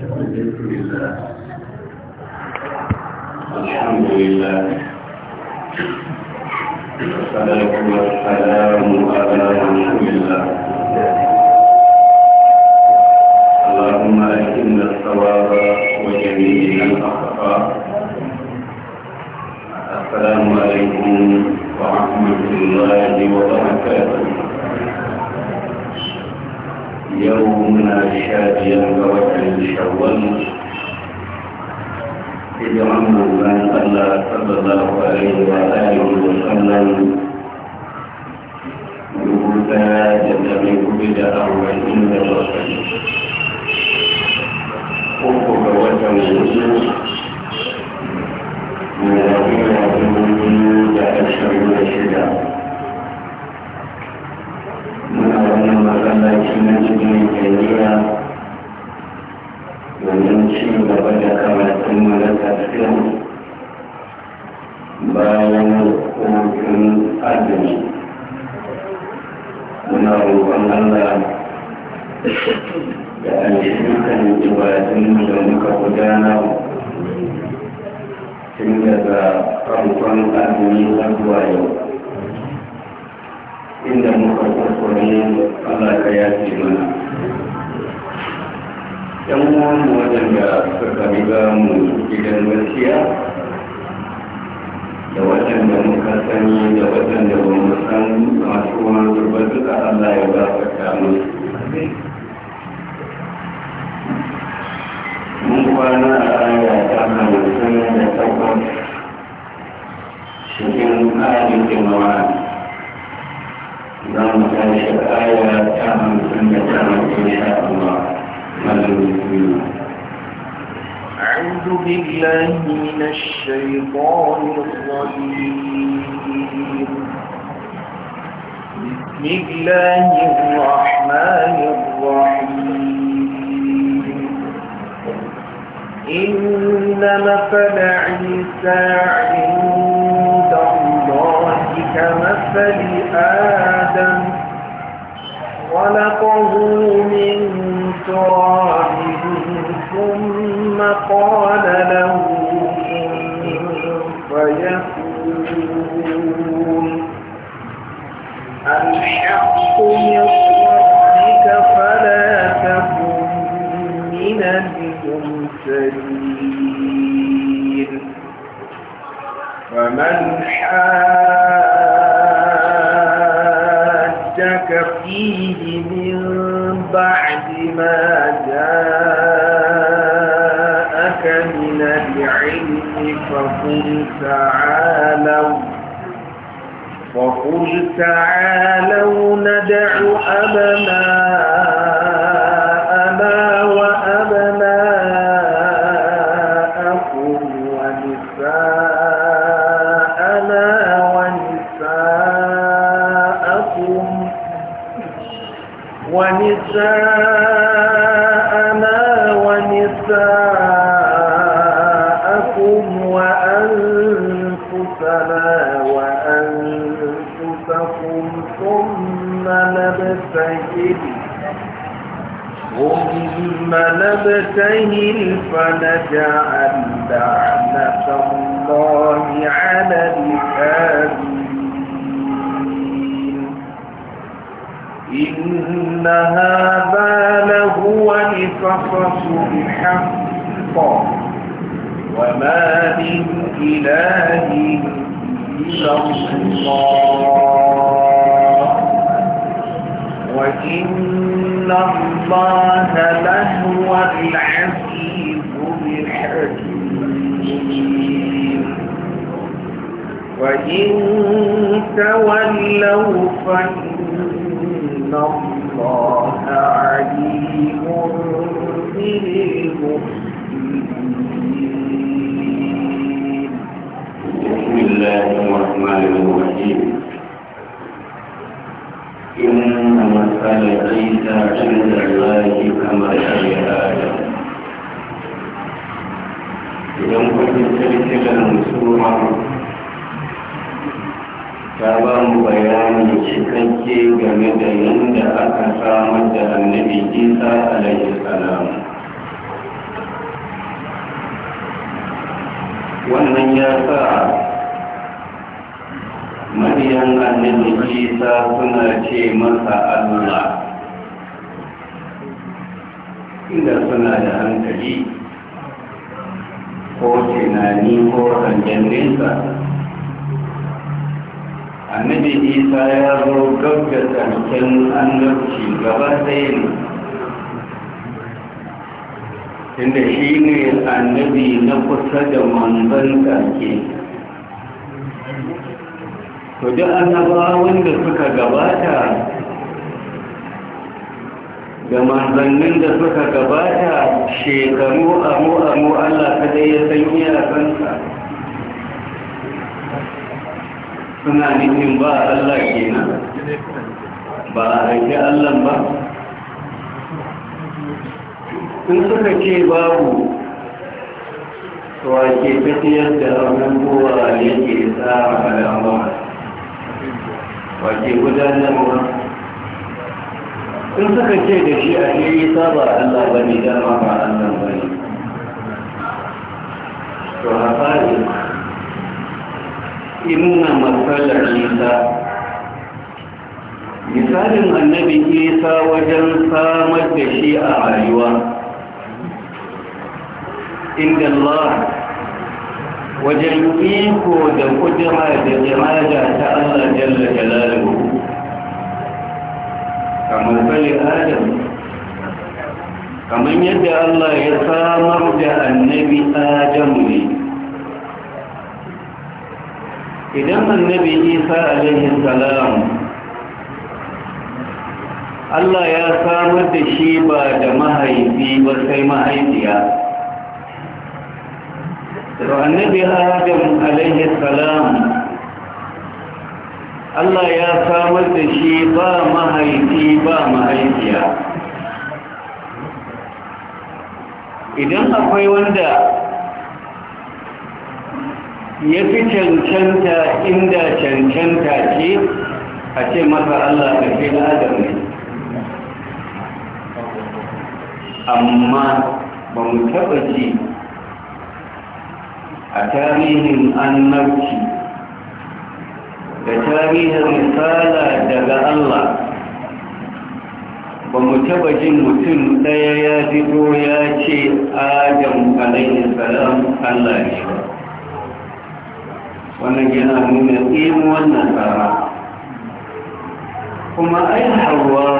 الحمد لله الحمد لله والصلاة والسلام على رسول الله اللهم أكرمنا الصواب وجميع الأخطاء السلام عليكم ورحمة الله وبركاته yau muna sha biyar ga watan shawwal hijiran manzon Allah sallallahu alaihi wa alihi wa sallam dubu daya da dari hudu da arba'in da da muna wannan masallaci taimiyya domin ci gaba da karatun malaka film bayan hutun azumi muna roƙon allah da an shi dukkan ibadun da muka gudana tun daga farkon azumi har zuwa yau inda kurkuri Allah ka yace mana yan mu waɗanda mu gidan gaskiya da waɗanda muka sani da waɗanda ba mu Allah ya mun a aya ta hamsin da takwas cikin نعم أعوذ بالله من الشيطان الرجيم بسم الله الرحمن الرحيم إن مثل عيسى عند كمثل آدم خلقه من تراب ثم قال له فيكون الحق من ربك فلا تكن من الممتدين فمن حاد فيه من بعد ما جاءك من العلم فقل تعالوا فقل تعالوا تبتهل فنجعل لعنة الله على الكاذبين إن هذا لهو القصص الحق وما من إله إلا الله وإن الله له هو العزيز الحكيم وإن تولوا فإن الله عليم بالمسلمين بسم الله الرحمن الرحيم قال عيسى عند الله كما Idan آدم إذا كنت ta ba mu cikakke game da yadda aka samar da annabi isa alaihi wannan ya sa mabiyan annabi isa suna ce masa allah inda suna da hankali ko tunani ko hangen nesa annabi isa ya zo gab da ƙarshen annabci gaba ɗaya ne tunda shi ne annabi na kusa da manzon ƙarke to duk annabawan da suka gabata da manzannin da suka gabata shekaru amu amu Allah dai ya san iyakansa suna nufin ba Allah kenan ba a haifi Allah ba sun suka ce babu Wa ke tafiyar da abubuwa ke tsara abubuwa wace gudanarwa Sun suka ce da shi a shi yi saba Allah ba ne dama ba Allah ba ne to hafari imuna matsalar nisa misalin annabi isa wajen samar da shi a rayuwa inda Allah wajen iko da kudura da jama'a ta Allah jalla jalaluhu kamar bali adam kamar yadda Allah ya samar da annabi adam ne idan annabi isa alaihi salam Allah ya samar da shi ba da mahaifi ba sai mahaifiya to annabi adam alaihi salam Allah ya samar da shi ba mahaifi ba mahaifiya idan akwai wanda ya fi cancanta inda cancanta ce a ce masa Allah da fi adam ne amma ba mu taɓa ji a tarihin annabci da tarihin risala daga Allah ba mu taba jin mutum ɗaya ya fito ya ce adam alayhi salam Allah ne ba wannan yana nuna tsimu wannan tsara kuma ai hawa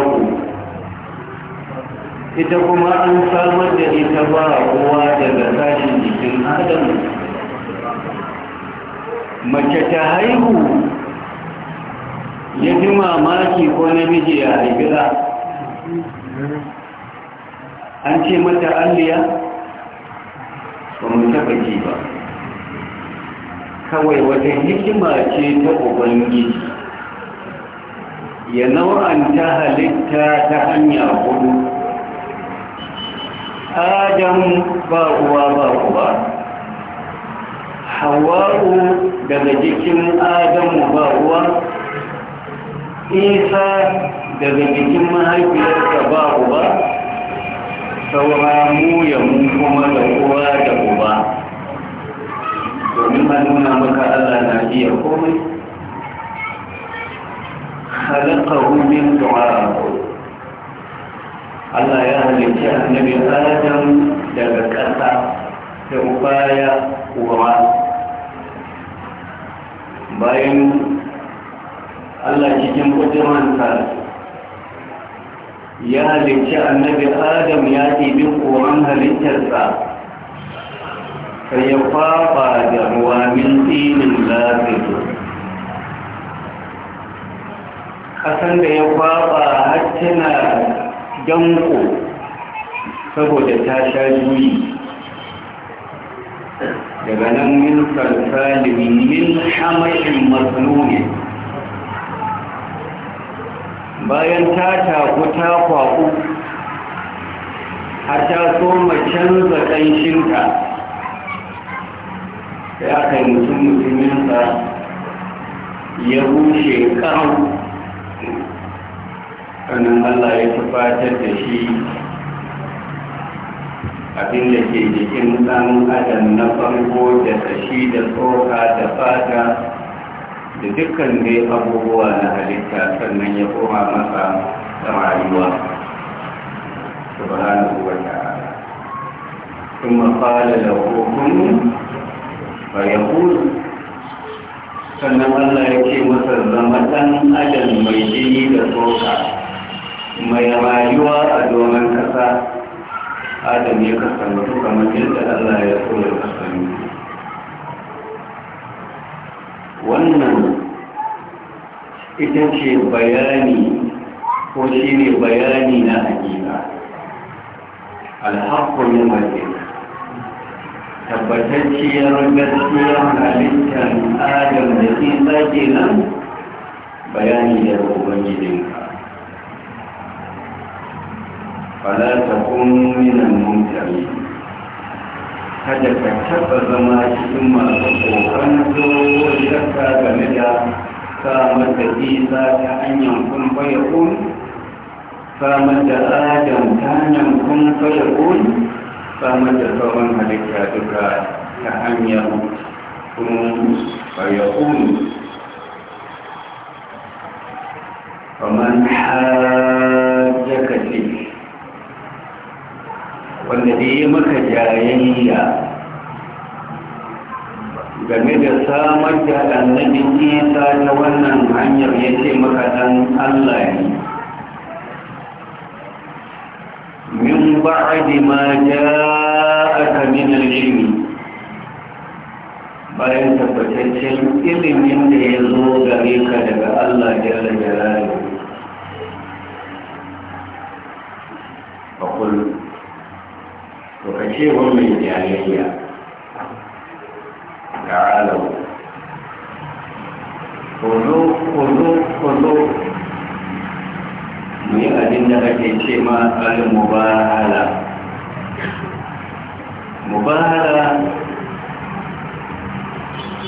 ita kuma an samar da ita ba kowa daga sashen jikin adam mace ta haihu ya ji mamaki ko na namiji ya za an ce mata alliya ba mu taba ji ba kawai wata hikima ce ta ubangiji ya nau'anta halitta ta hanya hudu adam ba uwa ba hawa'u daga jikin adamu ba uwa isa daga jikin mahaifiyarsa ba ruwa sauramu mu ya mun kuma da uwa da uba domin a nuna maka allah na iya komai halitta min du'a'ahu Allah ya halitta annabi Adam daga ƙasa da ubaya uwa. bayan Allah cikin kuduransa ya halicci annabi adam ya ɗibi koran halittarsa sai ya kwafa da ruwa min tsinin lafiya ƙasan da ya kwafa har tana danko saboda ta sha juyi daga nan min salsalin min hamashin matsaloli bayan ta taku ta kwaku har ta soma canza ƙanshinta ya kai mutum mutuminsa ya rushe ƙan ƙanan allah ya tufatar da shi abin da ke jikin ɗan adam na farko da tashi da tsoka da fata da dukkan dai abubuwa na halitta sannan ya koma masa da rayuwa subhanahu wa ta'ala kuma qala lahu kun fayaqul sannan Allah ya ce masa zama ɗan adam mai jini da tsoka mai rayuwa a domin kasa adam ya kasance kamar yadda Allah ya so ya kasance wannan ita ce bayani ko shi ne bayani na hakika alhaƙon mace tabbatacciyar gaskiyar halittar adam da isa nan bayani da ubangijinka fala takun min al-mumtari kada ka taba zama cikin masu kokon zuwa shakka game da samar da isa ta hanyar kun faya kun samar da adam ta hanyar kun faya kun samar da sauran halitta duka ta hanyar kun faya kun فمن حاجك فيه wanda da yi maka jayayya game da samar da annabin isa ta wannan hanyar ya ce maka dan allah ne min ba'adi ma ja'aka min al bayan tabbataccen ilimin da ya zo gare ka daga Allah jalla jalaluhu cewa mai jayayya ga alawu kudu kudu kudu mai abin da ake ce ma tsarin mubahala mubahala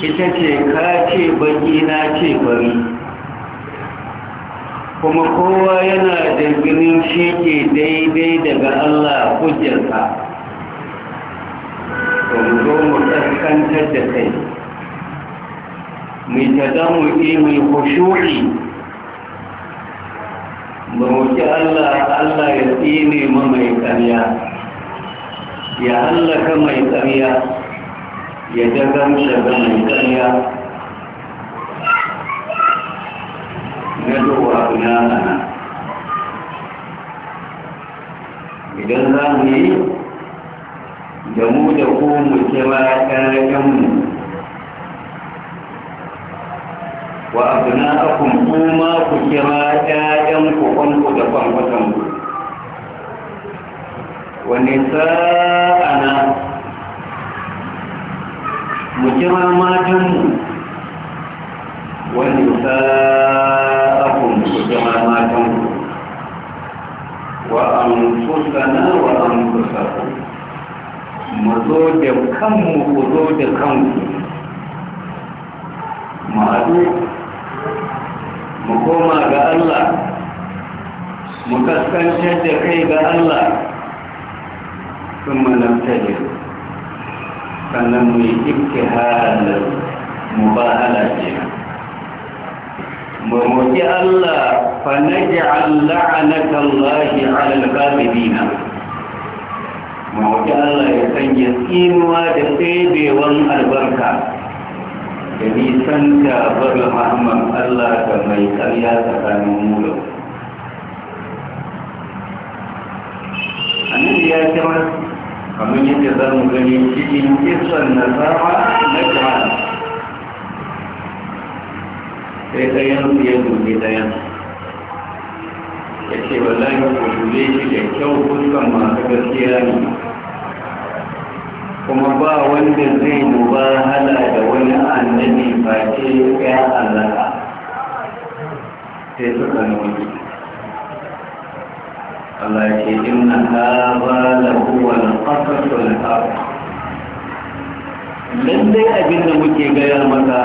ita ce ka ce baki na ce bari kuma kowa yana da ganin shi ke daidai daga allah hujjarsa kaskantar da kai mai tazamuki mai kushuhi ba wuce allah allah ya tsine ma mai karya ya hallaka mai karya ya dagamta ga mai karya na zuwa ina idan za mu yi da mu da ku mu kira mu, wa abuna akun kuma ku kira ku kwanku da kwankwatanku wa nisa'ana mu kira matanmu wa nisa'akun ku kira matanku wa anfusana wa anfusakum mu zo da kanmu ku zo da kanku mu haɗu mu koma ga Allah mu kaskance da kai ga Allah sun manamta ne sannan mu yi halar mu ba halaje mu roƙi Allah fa naji Allah a nakan lahi alal dina mawaki Allah ya sanya tsinuwa da tsebewan albarka da nisan da barin rahman Allah da mai karya tsakanin mulo nan ya kira kamar yadda za mu gani cikin kisan zama na jama'a sai ɗayan ya dubi ɗayan ya ce wallahi ku dube shi da kyau kuskan masu gaskiya ne kuma ba wanda zai duba hala da wani annabi ce ya allaka sai suka nuna Allah ce inna haza lahu wal qasasul haq lallai abin da muke gaya maka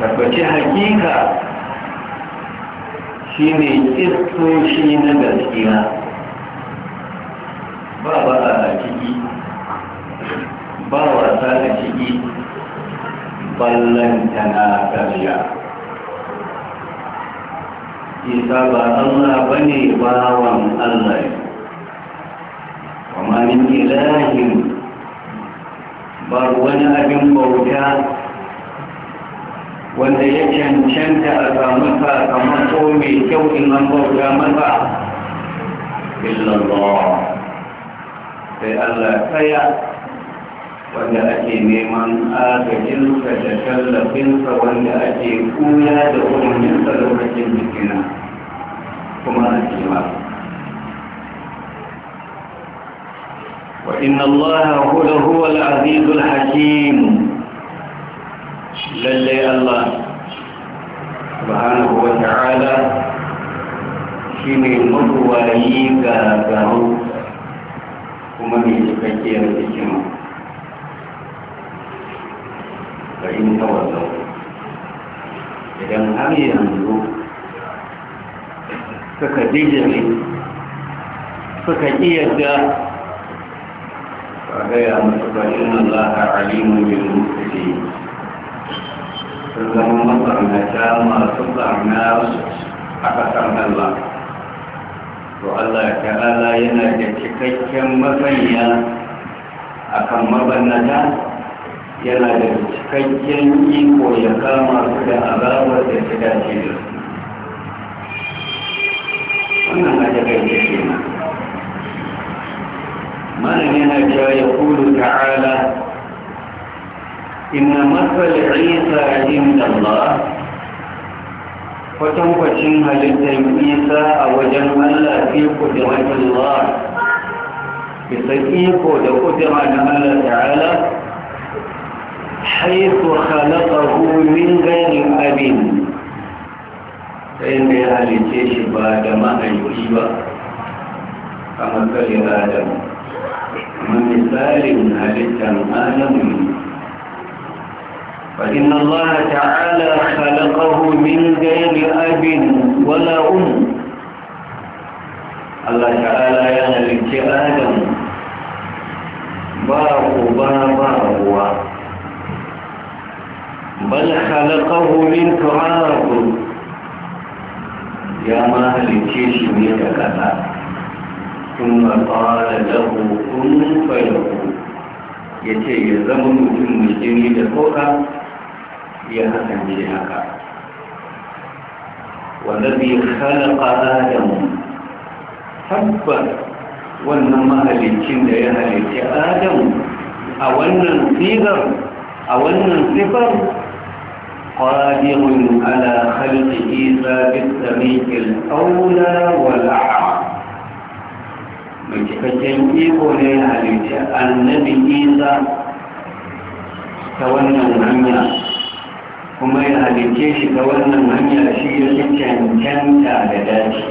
tabbaci hakika shine kistoshi na gaskiya ba ba a ciki ba wasa da ciki na karya isa ba allah ba ne bawan allah kuma min ilahin ba wani abin bauta wanda ya cancanta a samu sakamako mai kyau in an bauta masa illallah sai allah tsaya وجاءتي ميمن اتجل فتكلف فوجاءتي اولى دخول من ضروره مثلنا ثم اتي وان الله هو هو العزيز الحكيم للي الله سبحانه وتعالى في من yi ga gano kuma mai cikakkiyar fa in tawallau idan har yanzu suka bijire suka iyadda fa gaya musu fa inna allaha alimun bil mufsidin sun zama matsarnata masu tsarna a ƙasar Allah to Allah ta'ala yana da cikakken masaniya kan mabannata yana da cikakken iko ya kama su da azabar da ta dace da wannan na daga yake ke nan malam yana cewa ya kulu ta'ala inna masal isa inda Allah kwatankwacin halittar isa a wajen Allah fi kudiratun Allah bisa iko da kudiratun Allah ta'ala حيث خلقه من غير أب فإن يهلكيش بعد ما أيوه كما قال آدم من مثال هلتا آدم فإن الله تعالى خلقه من غير أب ولا أم الله تعالى يهلك آدم باب باب هو bal khalaqahu min turab ya ma halice shi ne da kasa kuma qala lahu yace ya zama mutum mai jini da tsoka ya kasance haka wallazi khalaqa adam tabbas wannan mahalicin da ya halicci Adamu a wannan sigar a wannan sifar قادر على خلقه ثابت سميع الأولى والأعمى mai cikakken iko ne halitta annabi isa ta wannan hanya kuma ya halitta shi ta wannan hanya shi ya fi cancanta da dace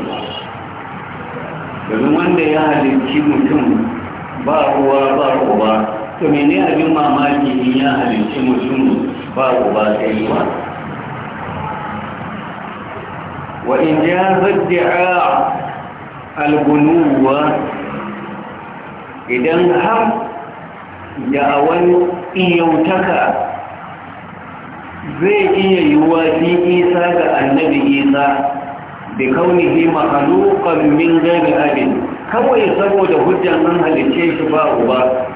domin wanda ya halitta mutum ba ruwa ba uba to mene abin mamaki in ya halince mutum ba uba sai ba wa in ja zaddi'a al-gunuwa idan har awan iyautaka zai iya yiwuwa fi isa ga annabi isa da kaunihi mahalukan min gari abin kawai saboda hujjan an halice shi ba uba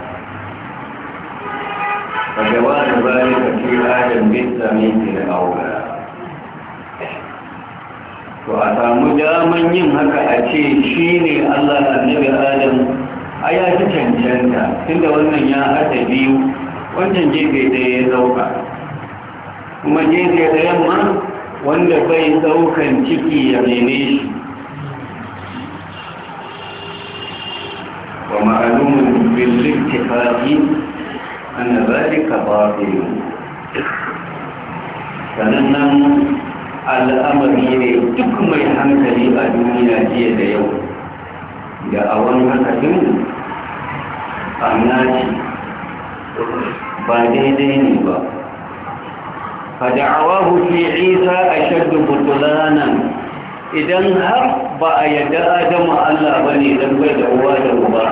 فجواز ذلك في آية مثل مثل الأولى to a samu daman yin haka a ce shi ne Allah annabi Adam a ya ci cancanta tunda wannan ya haɗa biyu wancan gefe ɗaya ya ɗauka kuma gefe ɗayan ma wanda bai ɗaukan ciki ya mene shi wa ma'alumin billik tifafi أن ذلك باطل sanannan al'amari ne duk mai hankali a duniya jiya da yau da a wani hankalin annaci ba daidai ne ba fada'awahu fi isa a shaddu butulanan idan har ba a yarda adamu allah ba ne don bai da uwa da uba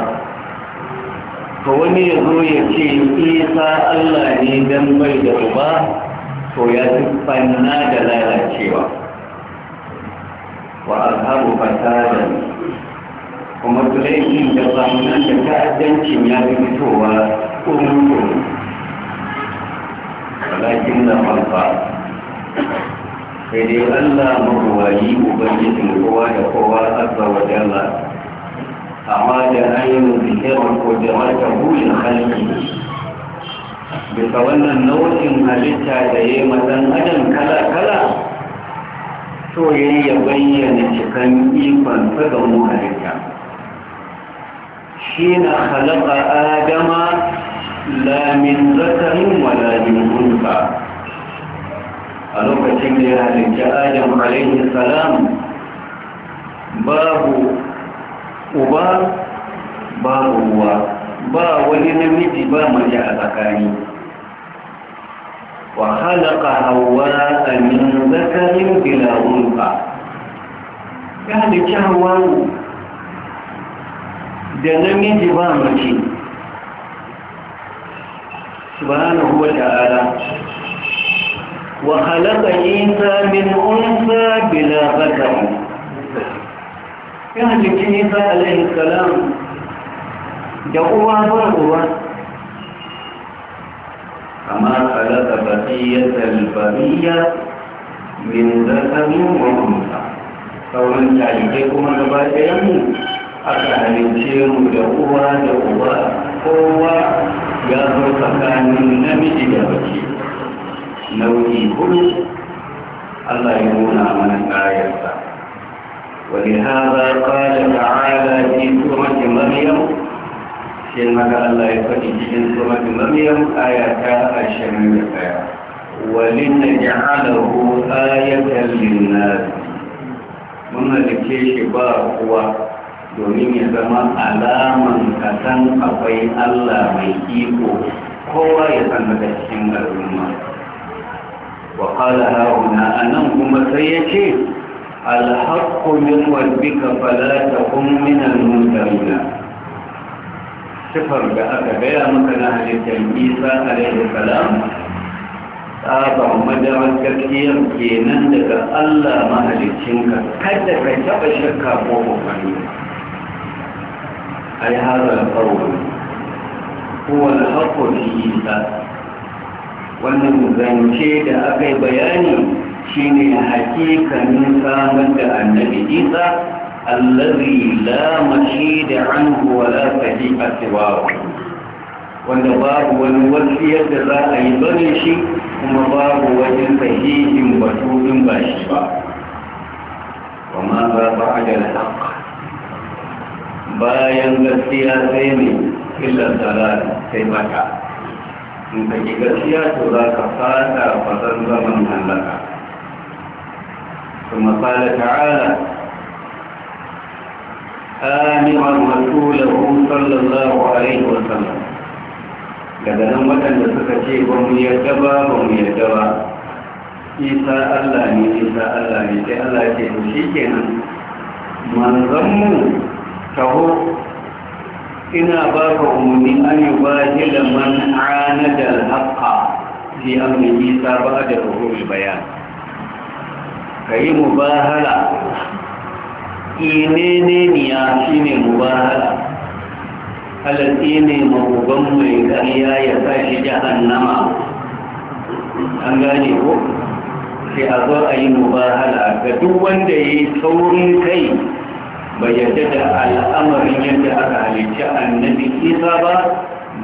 to wani ya zo ya ce isa eh, allah ne don bai da uba to ya fi fanna da lalacewa wa alhabu fasada kuma tulaifin da samunan da ta'addancin ya fi fitowa ƙungun walakin da malfa sai dai allah maruwayi ubangijin kowa da kowa azza wa jalla أراد أن يظهر قدرته لخلقه bisa wannan nau'in halitta da ya yi mazan adam kala-kala to ya ya bayyana cikin ikon ga mu halitta shi na halaka adama lamin zakarin walamin hulka a lokacin da ya halitta adam alaihi salam babu uba babu ruwa ba wani namiji ba mace a tsakani wa halaka hawa min zakarin bila ba ya da hawa da namiji ba mace subhanahu wa ta'ala wa halaka isa min unsa bila zakarin ya halittu nisa alaihi salam da uwa ba uwa kama kalata basiyyatar bariya min zakarin wa'unsa sauran jarirai kuma gaba ɗayanmu aka halitce mu da uwa da uwa kowa ya zo tsakanin namiji da mace nau'i hudu Allah ya nuna mana ƙayarsa ولهذا قال تعالى في سورة مريم كما الله يفدي في سورة مريم آياتا الشميلة ولنجعله آية للناس من لكيش باقوة domin ya zama alaman kasan akwai Allah mai iko kowa ya san daga cikin al'umma wa qala hauna anan kuma sai yace الحق من ربك فلا تكن من المنكرين sifar da aka gaya maka na halittar isa alaihi salam tsabar madarar gaskiyar kenan daga allah mahalicinka kada ka taba shakka ko kokari ai hazar kawo kuwa alhaƙo fi isa wannan zance da aka yi bayani shine hakikanin samar da annabi isa allazi la mashida anhu wa la sahiha siwahu wanda babu wani wasu yadda za a yi bane shi kuma babu wajen sahihin batutun ba shi ba wa ma za ba a da bayan gaskiya sai ne illa salat sai mata in ka ki gaskiya to za ka fata fasan zaman hallaka ثم قال تعالى آمرا رسوله صلى الله عليه وسلم daga nan waɗanda suka ce ba mu yadda ba ba mu yadda ba isa allah ne isa allah ne sai allah ce to shi kenan manzanmu taho ina ba ka umarni an yi ba hilaman anadar haƙa fi amma isa ba da ruhul bayan ka yi mubahala inene niya shi ne mubahala halatti ne mahuban mai ƙarya ya sa shi jahannama an gane ko sai a zo a yi mubahala ga duk wanda ya yi saurin kai ba ya da al'amarin yadda aka halicci annabi isa ba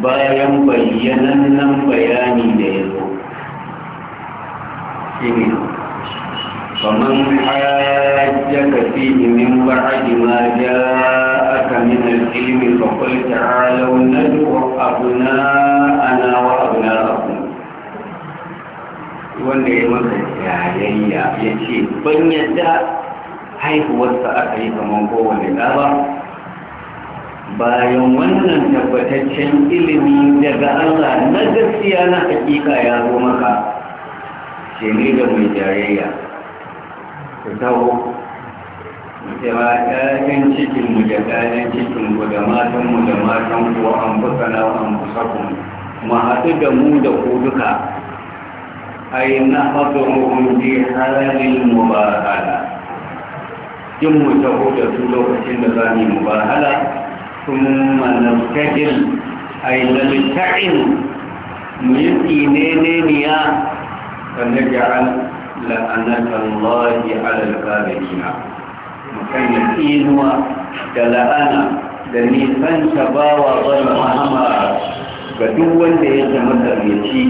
bayan bayyanan nan bayani da ya zo فمن حاجك فيه من بعد ما جاءك من العلم فقل تعالوا ندعو أبناءنا وأبناءكم wanda ya maka jayayya ya ce ban yadda haihuwarsa aka yi kamar kowane ɗa ba bayan wannan tabbataccen ilimi daga Allah na gaskiya na hakika ya zo maka ce da mai jayayya ku taho cewa ƴaƴan cikinmu da ƴaƴan cikinku da matanmu da matanku an na, an fusakun mu haɗu da mu da ku duka ai na haɗuruhun fi halin mubahala jin mu taho da su lokacin da za mu mubahala kuma naftajin ai lalta'in mu yi tsinene niya sannan jaran. la'anata Allah ala al-kafirina mukan yakinuwa da la'ana da nisan tabawa zama hamara ga duk wanda ya zama tarbiyaci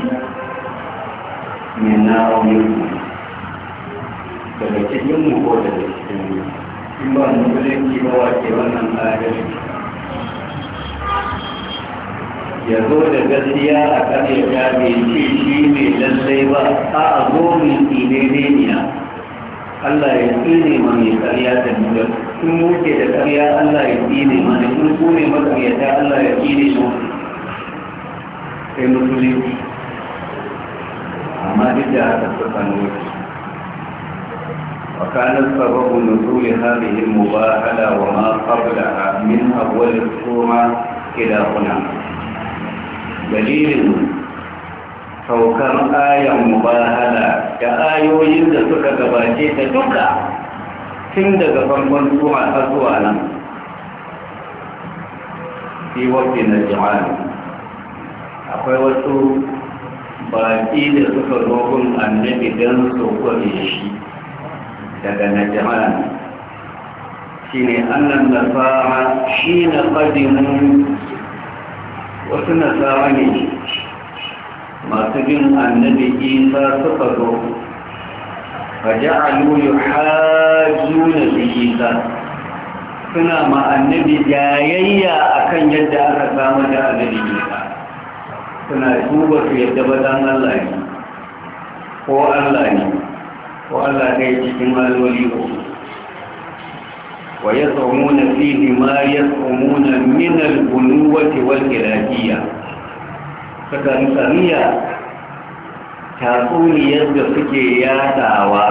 mai nawa mulku daga cikin mu ko daga cikin mu in ba mu mulki ba wa ke wannan adalci ya zo da gaskiya a kan ya ta bai ce shi ba a zo ne ne niya Allah ya ne ma mai karya da nuna sun muke da karya Allah ya ne ma ne sun kone makaryata Allah ya tsine ma sai musulunci amma duk da haka suka nuna وكان السبب نزول هذه المباهلة وما قبلها من أول السورة إلى هنا دليل Saukar ayan mubahala da ayoyin da suka gabace ta duka tun daga farkon zuwa har zuwa nan fi wafi na jama'a akwai wasu baƙi da suka zo annabi don su shi daga na jama'a shi ne annan fara shi na ƙadimin wasu na tsara ne masu bin annabi isa suka zo faja'alu yuhajjuna bi isa suna ma annabi a kan yadda aka samu da annabi isa suna duba su yadda bazan Allah ne ko Allah ne ko Allah dai cikin alloli ko. wa fi fihi ma yasumuna min al-bunuwati wal ilahiyya ta tanzaniya taƙuri yadda suke yadawa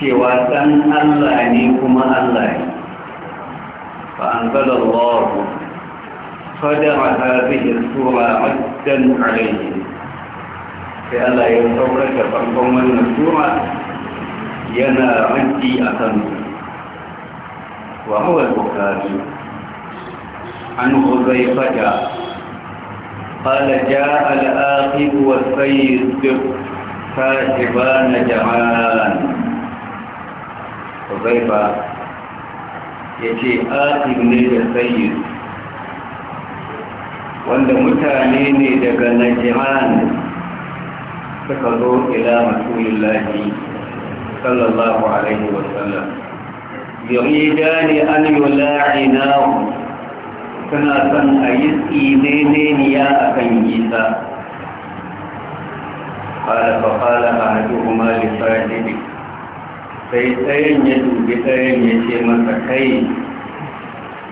cewa 'dan allah ne kuma allah ne fa an gada lawarwa ta dama ta zai tura maddan alayyar sai allah ya saukar da farkon wannan tura yana rantsi a kan wa huwa al-bukhari an huzaifa قال جاء الآخر والسيد فاجبان جعان حذيفة يجي آخر نجا سيد wanda mutane ne daga najiran suka zo ila masulillahi sallallahu alaihi wasallam yuri dani an suna son a yi tsineneniya a kan isa ƙala fa ƙala a hajji kuma lissafi sai tsayin ya dubi tsayin ya ce masa kai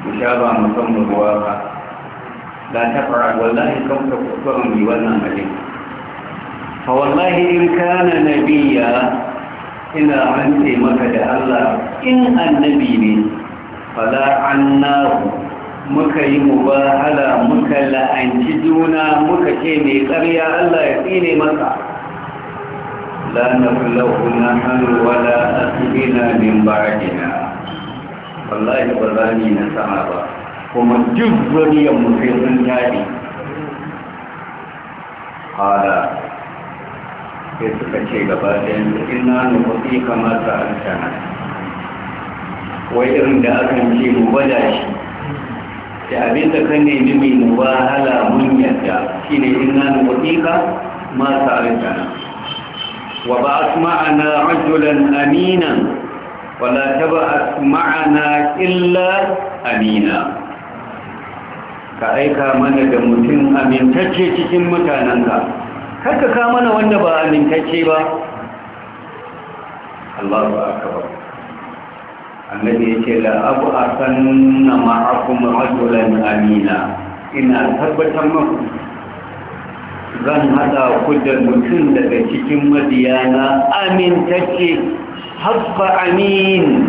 mu sha ba mu san ruwa ba la ta fara wallahi kan ta kuskuren yi wannan abin A wallahi in kana nabiya ina rantse maka da Allah in annabi ne fala annahu muka yi mubahala muka la'anci juna muka ce mai ƙarya Allah ya tsine maka la naflahu nahnu wala asbina min ba'dina wallahi ba za ni na sama ba kuma duk ya mu sai sun tari hada ya suka ce gaba na kuɗi kamar kama sa'altana wai irin da akan ce mu bada shi da abin da ka nemi mai mubahala mun yadda shine inna nuwatika ma na. wa su ma'ana rajulan amina? wala su ma'ana illa amina ka aika mana da mutum amintacce cikin mutanenka karka ka mana wanda ba amintacce ba Allah ba annabi ya ce la abu a sanna ma'akum rajulan amina ina tabbatar maku zan hada ku da mutum daga cikin madiyana amintacce habba amin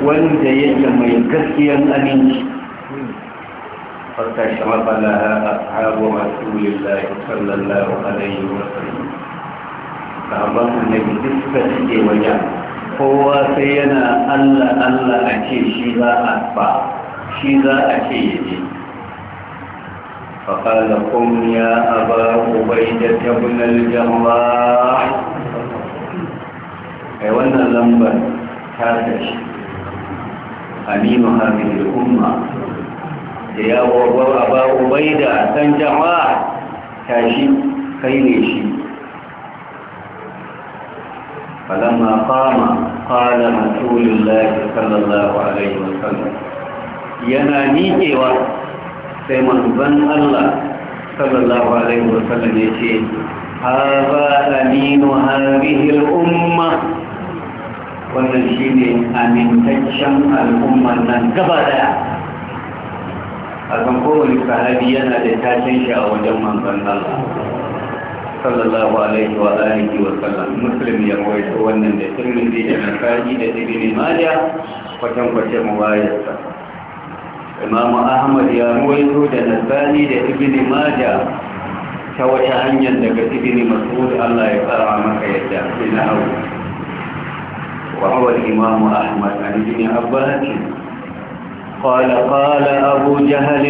wanda yake mai gaskiyan aminci fakka shamaba laha ashabu rasulillahi sallallahu alaihi wasallam sahabban annabi duk suka cike wajen kowa sai yana Allah Allah a ce shi za a ba shi za a ce ya je faƙala ya a ba ubai da tabunan jama'a a wannan lambar ta tashi aminu hamid umma ya wawar a ba ubai da san jama'a tashi kai ne shi فلما قام قال رسول الله صلى الله عليه وسلم yana miƙewa sai manzon Allah sallallahu alaihi wasallam ya ce haza aminu hadhihi al-umma wannan shine amintaccen al'umman nan gaba ɗaya. a kan kowane sahabi yana da tashin shi a wajen manzon Allah sallallahu alaihi wa alihi wa sallam muslim ya rawaito wannan da tirmidhi da nasa'i da ibn majah kwatan kwace muwayarsa imam ahmad ya rawaito da nasa'i da ibn majah ta wata hanyar daga ibn mas'ud Allah ya fara maka yadda ina hawo wa huwa imam ahmad an ibn abbas قال قال أبو جهل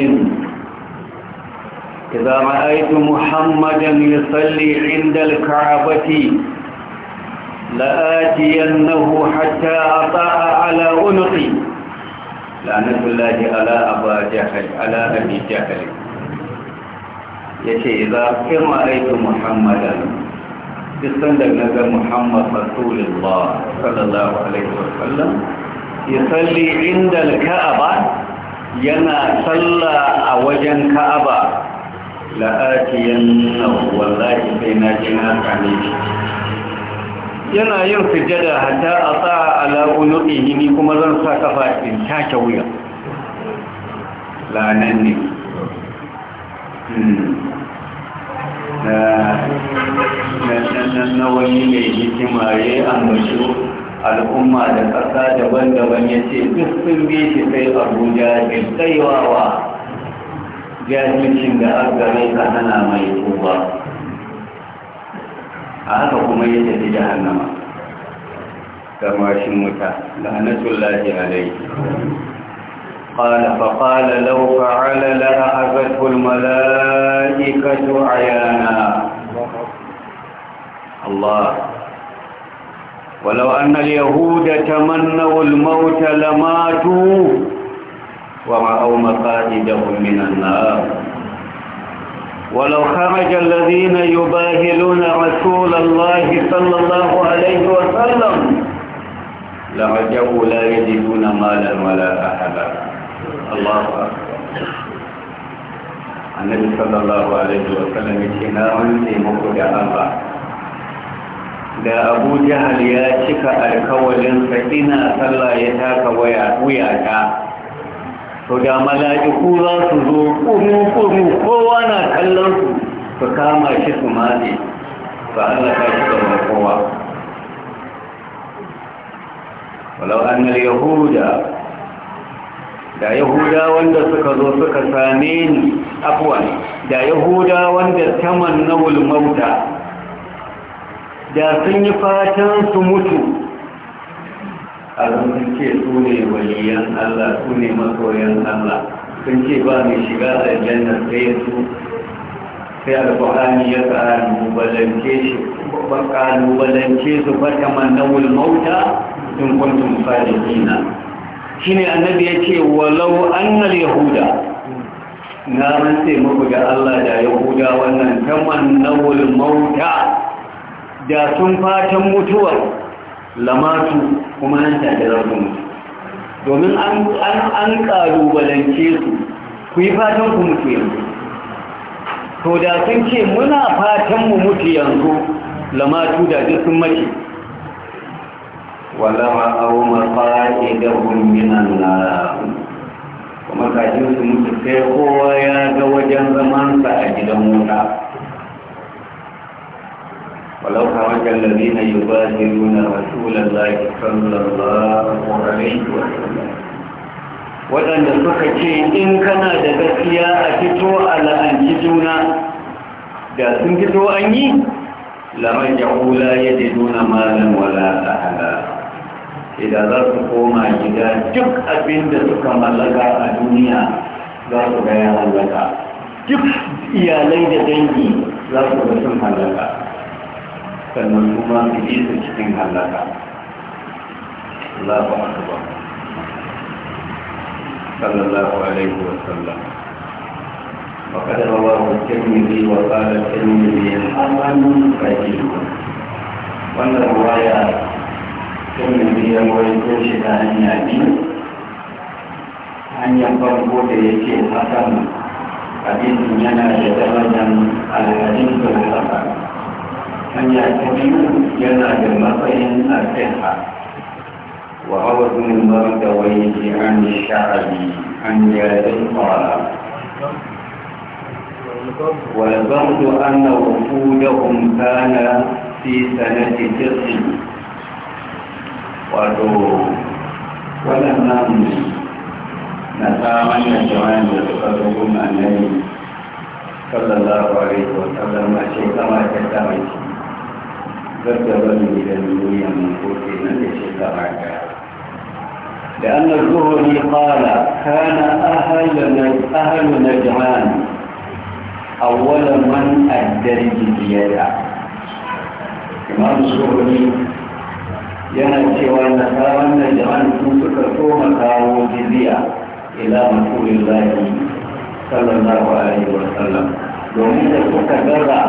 إذا رأيت محمدا يصلي عند الكعبة لآتينه حتى أطاع على عنقي لعنة الله على أبا جهل على أبي جهل yace idza kama aitu muhammadan bisan da naga muhammad rasulullah sallallahu alaihi wasallam inda al-ka'aba yana salla a wajen ka'aba la'atiyannahu wallahi sai na ji na yana yin sujada hatta a sa ala unuqihi kuma zan sa kafa in take wuya lanan ne na wani mai hikima ya ambaci al'umma da ƙasa daban-daban ya ce duk sun bi shi sai abuja da tsayawa jahilcin da an gare ka tana mai tuba a haka kuma ya tafi jahannama kamashin wuta lahanatullahi alaihi lauka, فقال لو فعل لأخذته الملائكة عيانا الله ولو أن اليهود تمنوا الموت لماتوا ورأوا مقاعدهم من النار ولو خرج الذين يباهلون رسول الله صلى الله عليه وسلم لرجعوا لا يجدون مالا ولا أحدا الله أكبر النبي صلى الله عليه وسلم اتناع في مخرج الله da أبو جهل ya cika alkawalinsa صلى sallah ya taka to da mala'iku za su zo kuru-kuru kowa na kallon su su kama shi su maɗe ba ka shi da kowa walau annal yahuda da yahuda wanda suka zo suka same ni afwan da yahuda wanda tamannawul mauta da sun yi fatan su mutu a ce su ne waliyan Allah su ne makoyan Allah sun ce ba mai shiga aljanna sai su sai alƙur'ani ya ƙalubalance shi ba ƙalubalance su ba kamar nawul mauta in kuntum sadiqina shine annabi ce walau annal yahuda na rantse muku ga Allah da yahuda wannan ta nawul mauta da sun fatan mutuwar. lamatu kuma nan take za ku mutu domin an ƙalubalance su ku yi fatan ku mutu yanzu to da sun ce muna fatan mu mutu yanzu lamatu da duk sun mace walama abu mafaɗe da hulminan na kuma kafin su mutu sai kowa ya ga wajen zamansa a gidan wuta ولو خرج الذين يبادرون رسول الله صلى الله عليه وسلم waɗanda suka ce in kana da gaskiya a fito a la'anci juna da sun fito an yi lamar jahula ya ji nuna malin wala a ahala idan za su koma gida duk abin da suka mallaka a duniya za su gaya mallaka. duk iyalai da dangi za su ga sun hallaka sannan kuma su yi su cikin halaka Allahu akbar sallallahu alaihi wa sallam وقد رواه الترمذي وقال الترمذي الحمل صحيح وان الروايه الترمذي رويته شد عن ابي an yi farko da ya ce hasan hadisin yana da darajar alhadisul hasan hanya ta biyu yana da matsayin nasiha wa awazin marda waje an sha'abi an yadin kwara والبرد أن وفودهم كان في سنة تسع wato waɗannan na tsaman da jama'in da suka zuwa annabi sallallahu alaihi wa sallam a shekara ta tsamaki zarta bari gidan duniya mun koke nan da shekara ɗaya لأن الزهري na كان أهل أهل نجعان أول من أدى الجزية إمام الزهري yana cewa na tsawon da sun suka koma kawo jiziya ila matulin lahi sallallahu alaihi wa domin da suka gaza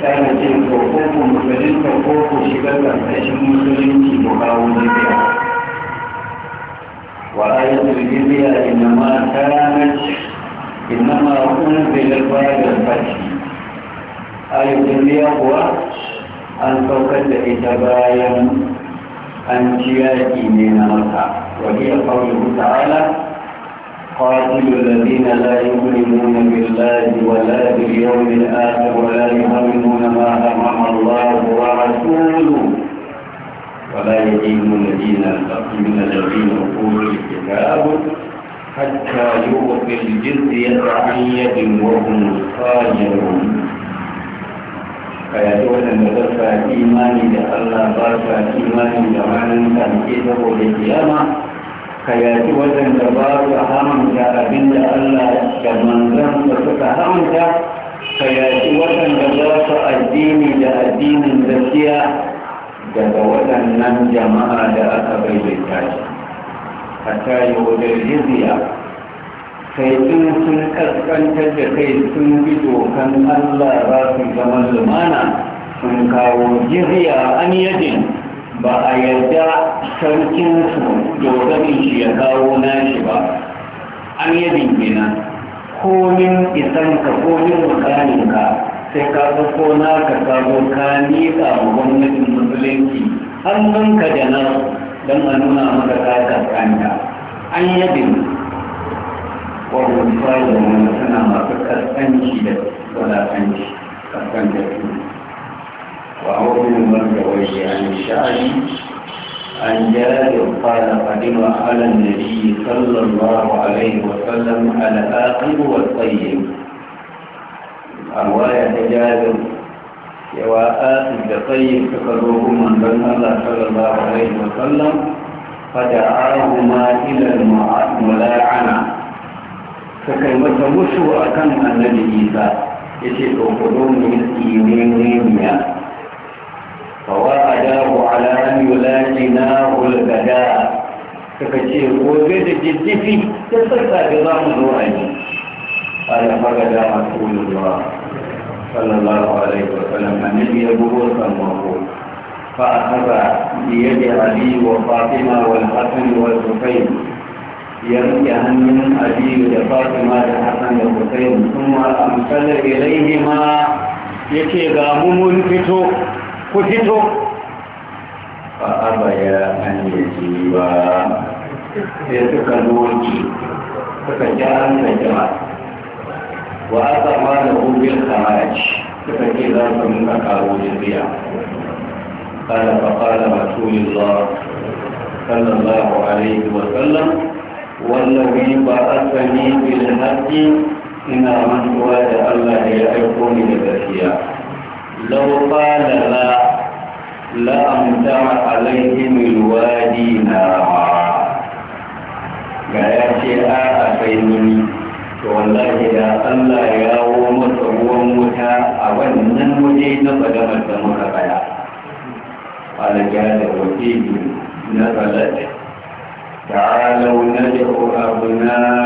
ta yi ce ko ko ku musulunta ko ku shigar da ƙarshen musulunci ko kawo jibiya wa ayatul jibiya inama ta ranar inama unzilar bayan fashi ayatul jibiya kuwa an saukar da ita bayan an ci ne na maka wani ya kawo ta'ala قاتل الذين لا يؤمنون بالله ولا باليوم الآخر ولا يؤمنون يقولوا ولا يدين الذين من الذين يقولوا الكتاب حتى يؤتي الجزية عن يد وهم صاغرون kayatuwar da ba sa imani da Allah ba sa imani da ranar kanke saboda kiyama kayatuwar da ba sa hamanta abinda Allah da manzansa suka hamanta ka yaƙi waɗanda za su addini da addinin gaskiya daga waɗannan jama'a da aka bayyana shi hatta yi wajen jizya sai in sun kaskantar da kai sun bi dokan allah za su zama lumana sun kawo jizya an yadin ba a yarda sarkinsu dogarin shi ya kawo nashi ba an yadin kenan komin isanka komin ka sai ka ko na ka sabo ka nisa a gwamnatin musulunci hannunka da nan don a nuna maka ka kaskanta an yadin wani da wani suna masu kaskanci da wadatanci kaskanta su wa hau yin wanda wajen shari'a sha'ani عن جابر قال قدم على النبي صلى الله عليه وسلم الآخر والطيب رواية جابر يوا آخر الطيب تقربه من بن الله صلى الله عليه وسلم فدعاهما إلى الملاعنة فكلمة مشوى كان النبي عيسى يشيك قدوم الإيمان فوعداه على أن يلاقناه البداء فكثير وزيد الجدفي تسلسل بضام الرؤية قال فقد رسول الله صلى الله عليه وسلم النبي يقول المقول فأخذ بيد علي وفاطمة والحسن والحسين يرجعن من أبي وفاطمة الحسن والحسين ثم أمثل إليهما يكي غامم فتو ku fito ba abaya hanyar yi jiwa sai suka doki suka ji an da jama wa a ma da hujjin kamaraci suka ce za su muka kawo jirgiya قال فقال رسول الله صلى الله عليه وسلم والذي بعثني da Allah ya وعد ni da بذكيا لو قال لا لأمتع عليهم الوادي نارا Gaya ce a akwai nuni to wallahi da Allah ya wo masa ruwan wuta a wannan waje na fadamar da muka baya alaƙa da wakili na balat تعالوا ندعو أبناءنا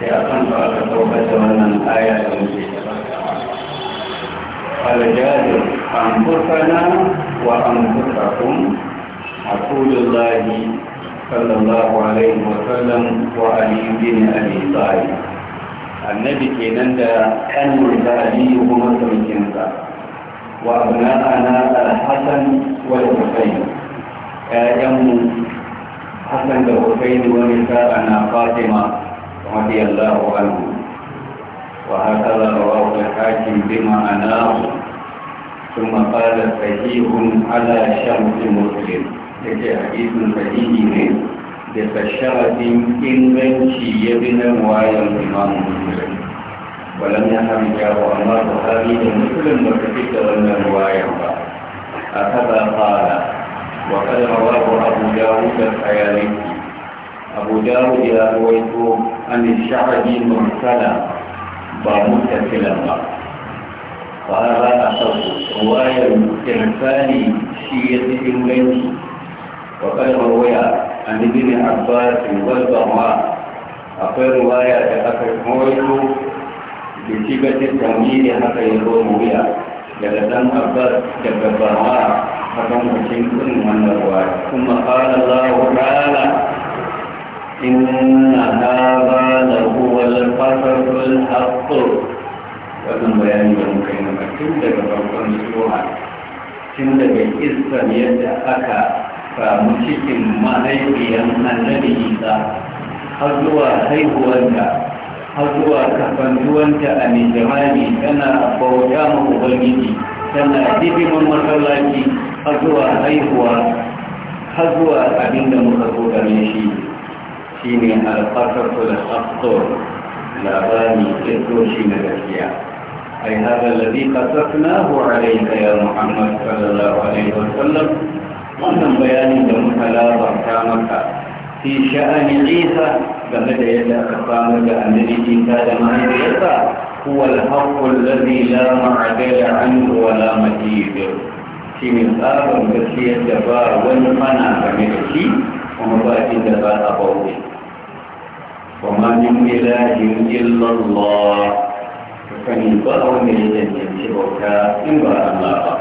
ya san ba ka saukata wannan aya da muke الجاهل أنفسنا وأنفسكم رسول الله صلى الله عليه وسلم وعلي بن أبي طالب النبي كان كان علي هما سمكنسا وأبناءنا الحسن والحسين آدم حسن والحسين ونساءنا فاطمة رضي الله عنه وهكذا رواه الحاكم بما أناه ثم قال فجيه على شمس مسلم لك حديث فجيه من بفشرة إن من شيء بنا وعي الإمام مسلم ولم يحب جاه الله هذه مسلم وكفيك لنا وعي الله قال وقد رواه أبو داود الحيالي abu dawud ya ruwaito an sha'abi mursala ba muttakilan ba ba a fa hada asabu riwayar irsali shi ya fi inganci wa qad rawaya an ibn abbas wal barra akwai riwaya da aka rawaito da shigatin tamiri haka ya zo wuya daga dan abbas daga a kan mutum irin wannan riwaya kuma qala allah ta'ala إن هذا لهو القصص الحق wannan bayani da muke yi na tun daga farkon sura tun daga iskar yadda aka samu cikin mahaifiyar annabi isa har zuwa haihuwanta har zuwa kafantuwanta a mijirani tana bauta ma ubangiji tana hidiman masallaci har zuwa haihuwa har zuwa abin da muka so game shi شين القطر للخطر لأغاني كتر شين الأشياء أي هذا الذي قصفناه عليك يا محمد صلى الله عليه وسلم وانتم بياني دمك لا ضرطانك في شأن عيسى فمدى يدى أخطانك أن نجي كاد ما عيسى هو الحق الذي لا معدل عنه ولا مجيد في مصاب بسية جبار ونفنا فمدى شيء ومباكي جبار أبوه وما من إله إلا الله فكن بأو من يتبعك إما الله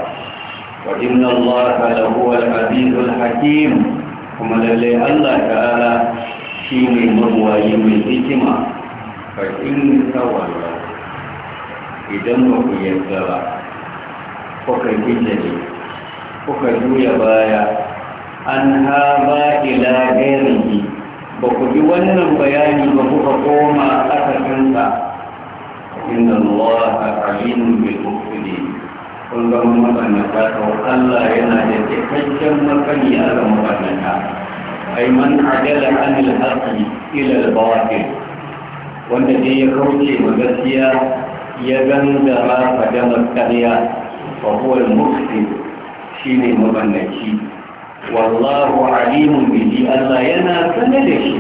وإن الله لهو العزيز الحكيم كما للي الله تعالى شيء مروي من حكمة فإن تولى إذا ما يبدأ kuka gijiri kuka juya baya an haɓa ila gairiki ba ku ji wannan bayani ba kuka koma aka canza inna Allah alimun bil mufsidin kun ga mabarnata to Allah yana da cikakken makani a ga mabarnata ai man ajala an al haqi ila al batil wanda dai ya kauce ma gaskiya ya gangara fadamar ƙarya fa huwa al mufsid shine mabannaci wallahu alimun bihi Allah yana sane da shi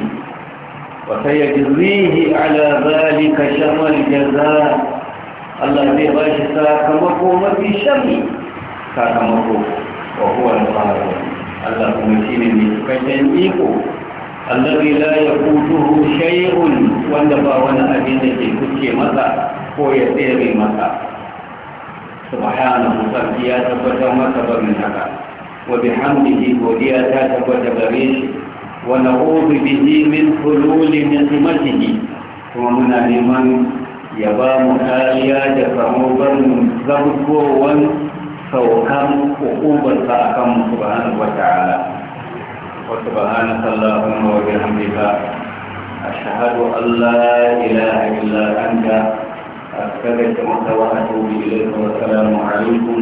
wa sayajrihi ala zalika shamal jazaa Allah zai ba shi sakamako mafi sharri sakamako wa kuwa al-qadir Allah kuma shine mai cikakken iko الذي لا يقوته شيء wanda ba wani abin da ke kuce masa ko ya tsere masa subhanahu sarki ya tabbatar masa barin haka وبحمده وليا ذات وتبريش ونعوذ به من حلول نقمته ومن لمن يبام آليا جفموبا زبكوا سوكم عقوبا فأكم سبحانه وتعالى وسبحانك اللهم وبحمدك أشهد أن لا إله إلا أنت أستغفرك وأتوب إليك والسلام عليكم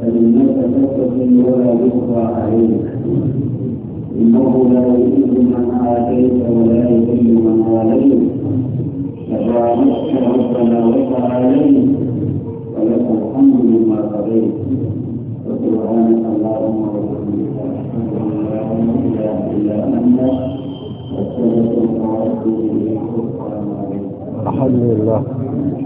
فإنك تتقي ولا يقضى عليك إنه لا يذل من آتيت ولا يذل من عليك تباركت ربنا وتعاليت ولك الحمد لما قضيت وسبحانك اللهم وبحمدك أشهد أن لا إله إلا أنت أستغفرك وأتوب إليك السلام عليكم الحمد لله